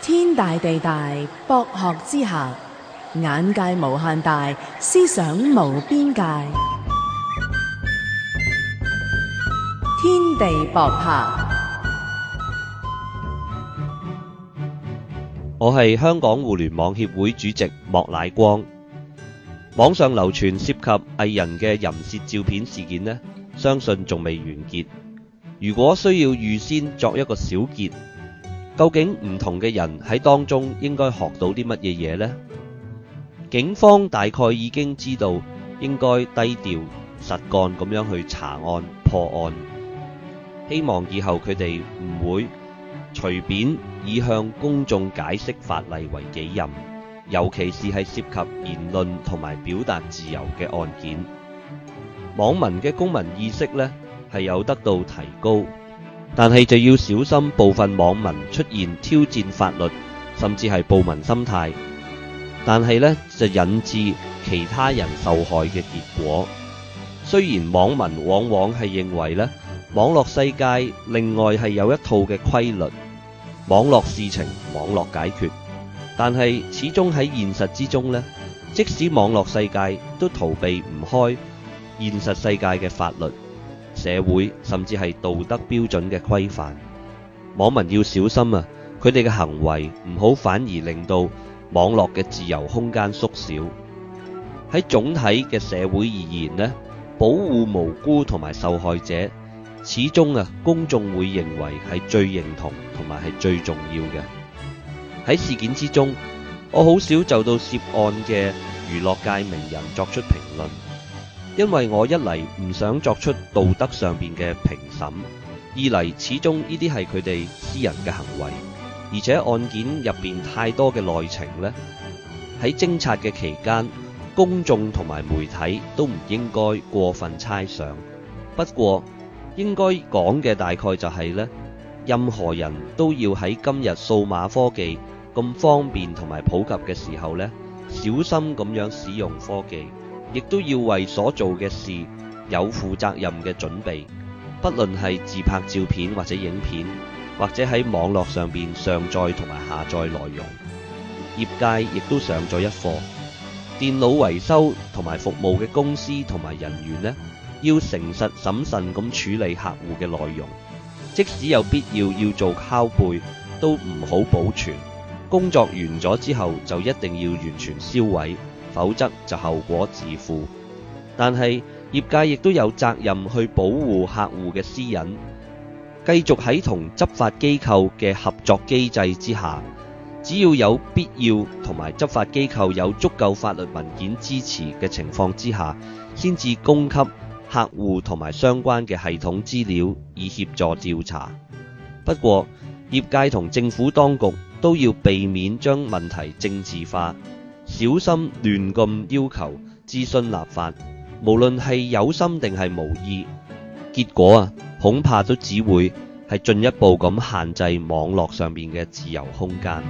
天大地大，博學之下，眼界無限大，思想無邊界。天地博客，我係香港互聯網協會主席莫乃光。網上流傳涉及藝人嘅淫褻照片事件呢，相信仲未完結。如果需要預先作一個小結。究竟唔同嘅人喺當中應該學到啲乜嘢嘢呢？警方大概已經知道應該低調實幹咁樣去查案破案，希望以後佢哋唔會隨便以向公眾解釋法例為己任，尤其是係涉及言論同埋表達自由嘅案件。網民嘅公民意識呢，係有得到提高。但係就要小心部分網民出現挑戰法律，甚至係暴民心態，但係呢，就引致其他人受害嘅結果。雖然網民往往係認為呢，網絡世界另外係有一套嘅規律，網絡事情、網絡解決，但係始終喺現實之中呢，即使網絡世界都逃避唔開現實世界嘅法律。社會甚至係道德標準嘅規範，網民要小心啊！佢哋嘅行為唔好，反而令到網絡嘅自由空間縮小。喺總體嘅社會而言呢，保護無辜同埋受害者，始終啊，公眾會認為係最認同同埋係最重要嘅。喺事件之中，我好少就到涉案嘅娛樂界名人作出評論。因為我一嚟唔想作出道德上面嘅評審，二嚟始終呢啲係佢哋私人嘅行為，而且案件入面太多嘅內情呢，喺偵察嘅期間，公眾同埋媒體都唔應該過分猜想。不過應該講嘅大概就係、是、呢任何人都要喺今日數碼科技咁方便同埋普及嘅時候呢小心咁樣使用科技。亦都要為所做嘅事有負責任嘅準備，不論係自拍照片或者影片，或者喺網絡上邊上載同埋下載內容。業界亦都上咗一課，電腦維修同埋服務嘅公司同埋人員呢，要誠實審慎咁處理客戶嘅內容，即使有必要要做拷貝，都唔好保存。工作完咗之後，就一定要完全銷毀。否則就後果自負。但係業界亦都有責任去保護客戶嘅私隱，繼續喺同執法機構嘅合作機制之下，只要有必要同埋執法機構有足夠法律文件支持嘅情況之下，先至供給客戶同埋相關嘅系統資料以協助調查。不過，業界同政府當局都要避免將問題政治化。小心亂咁要求諮詢立法，無論係有心定係無意，結果啊，恐怕都只會係進一步咁限制網絡上面嘅自由空間。